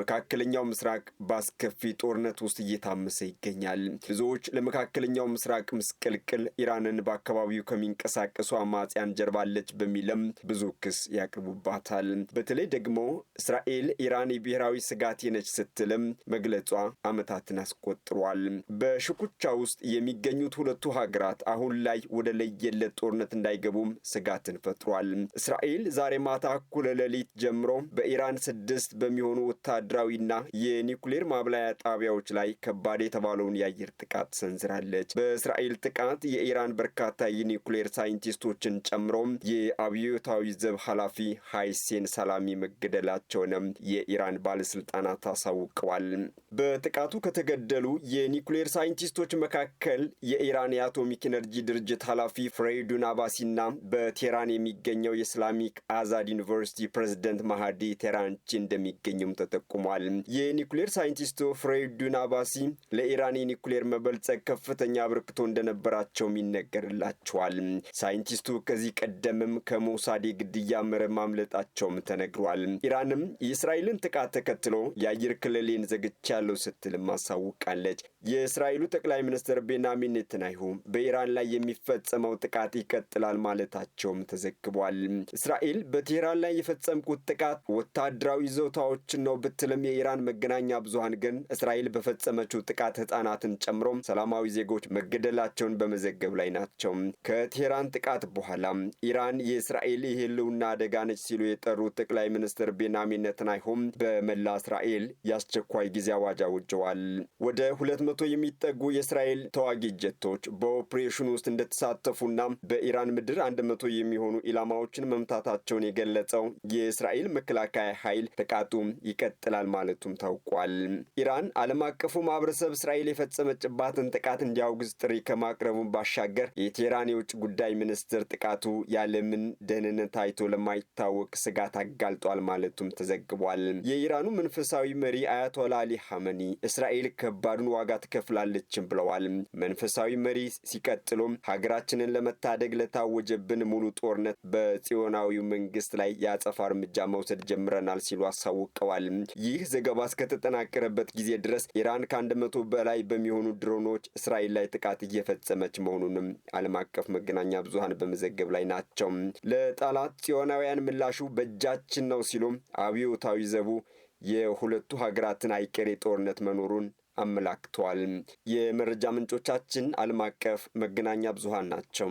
መካከለኛው ምስራቅ በአስከፊ ጦርነት ውስጥ እየታመሰ ይገኛል። ብዙዎች ለመካከለኛው ምስራቅ ምስቅልቅል ኢራንን በአካባቢው ከሚንቀሳቀሱ አማጽያን ጀርባለች በሚልም ብዙ ክስ ያቅርቡባታል። በተለይ ደግሞ እስራኤል ኢራን የብሔራዊ ስጋት ነች ስትልም መግለጿ ዓመታትን አስቆጥሯል። በሽኩቻ ውስጥ የሚገኙት ሁለቱ ሀገራት አሁን ላይ ወደ ለየለት ጦርነት እንዳይገቡም ስጋትን ፈጥሯል። እስራኤል ዛሬ ማታ እኩለ ሌሊት ጀምሮ በኢራን ስድስት በሚሆኑ ወታደ ወታደራዊና የኒውክሌር ማብላያ ጣቢያዎች ላይ ከባድ የተባለውን የአየር ጥቃት ሰንዝራለች። በእስራኤል ጥቃት የኢራን በርካታ የኒውክሌር ሳይንቲስቶችን ጨምሮም የአብዮታዊ ዘብ ኃላፊ ሃይሴን ሰላሚ መገደላቸውንም የኢራን ባለስልጣናት አሳውቀዋል። በጥቃቱ ከተገደሉ የኒውክሌር ሳይንቲስቶች መካከል የኢራን የአቶሚክ ኤነርጂ ድርጅት ኃላፊ ፍሬዱን አባሲና በቴህራን የሚገኘው የእስላሚክ አዛድ ዩኒቨርሲቲ ፕሬዝደንት ማሃዲ ቴራንቺ እንደሚገኙም ተጠቁ ጠቁሟል። የኒኩሌር ሳይንቲስቱ ፍሬዱን አባሲ ለኢራን የኒኩሌር መበልጸግ ከፍተኛ አበርክቶ እንደነበራቸውም ይነገርላቸዋል። ሳይንቲስቱ ከዚህ ቀደምም ከሞሳዴ ግድያ መረብ ማምለጣቸውም ተነግሯል። ኢራንም የእስራኤልን ጥቃት ተከትሎ የአየር ክልሌን ዘግቻለሁ ስትልም አሳውቃለች። የእስራኤሉ ጠቅላይ ሚኒስትር ቤንያሚን ኔታንያሁ በኢራን ላይ የሚፈጸመው ጥቃት ይቀጥላል ማለታቸውም ተዘግቧል። እስራኤል በቴህራን ላይ የፈጸምኩት ጥቃት ወታደራዊ ይዞታዎችን ነው ብትል በሚመስልም የኢራን መገናኛ ብዙሃን ግን እስራኤል በፈጸመችው ጥቃት ህጻናትን ጨምሮ ሰላማዊ ዜጎች መገደላቸውን በመዘገብ ላይ ናቸው። ከቴህራን ጥቃት በኋላ ኢራን የእስራኤል የህልውና አደጋ ነች ሲሉ የጠሩት ጠቅላይ ሚኒስትር ቤንያሚን ኔታንያሁም በመላ እስራኤል የአስቸኳይ ጊዜ አዋጅ አውጀዋል። ወደ ሁለት መቶ የሚጠጉ የእስራኤል ተዋጊ ጀቶች በኦፕሬሽን ውስጥ እንደተሳተፉና በኢራን ምድር አንድ መቶ የሚሆኑ ኢላማዎችን መምታታቸውን የገለጸው የእስራኤል መከላከያ ኃይል ጥቃቱ ይቀጥላል ይሆናል ማለቱም ታውቋል። ኢራን ዓለም አቀፉ ማህበረሰብ እስራኤል የፈጸመችባትን ጥቃት እንዲያውግዝ ጥሪ ከማቅረቡን ባሻገር የቴህራን የውጭ ጉዳይ ሚኒስትር ጥቃቱ የዓለምን ደህንነት አይቶ ለማይታወቅ ስጋት አጋልጧል ማለቱም ተዘግቧል። የኢራኑ መንፈሳዊ መሪ አያቶላ አሊ ሐመኒ እስራኤል ከባዱን ዋጋ ትከፍላለችም ብለዋል። መንፈሳዊ መሪ ሲቀጥሉም ሀገራችንን ለመታደግ ለታወጀብን ሙሉ ጦርነት በጽዮናዊው መንግስት ላይ የአጸፋ እርምጃ መውሰድ ጀምረናል ሲሉ አሳውቀዋል። ይህ ዘገባ እስከተጠናቀረበት ጊዜ ድረስ ኢራን ከአንድ መቶ በላይ በሚሆኑ ድሮኖች እስራኤል ላይ ጥቃት እየፈጸመች መሆኑንም ዓለም አቀፍ መገናኛ ብዙሀን በመዘገብ ላይ ናቸው። ለጠላት ጽዮናውያን ምላሹ በእጃችን ነው ሲሉ አብዮታዊ ዘቡ የሁለቱ ሀገራትን አይቀሬ ጦርነት መኖሩን አመላክተዋል። የመረጃ ምንጮቻችን ዓለም አቀፍ መገናኛ ብዙሀን ናቸው።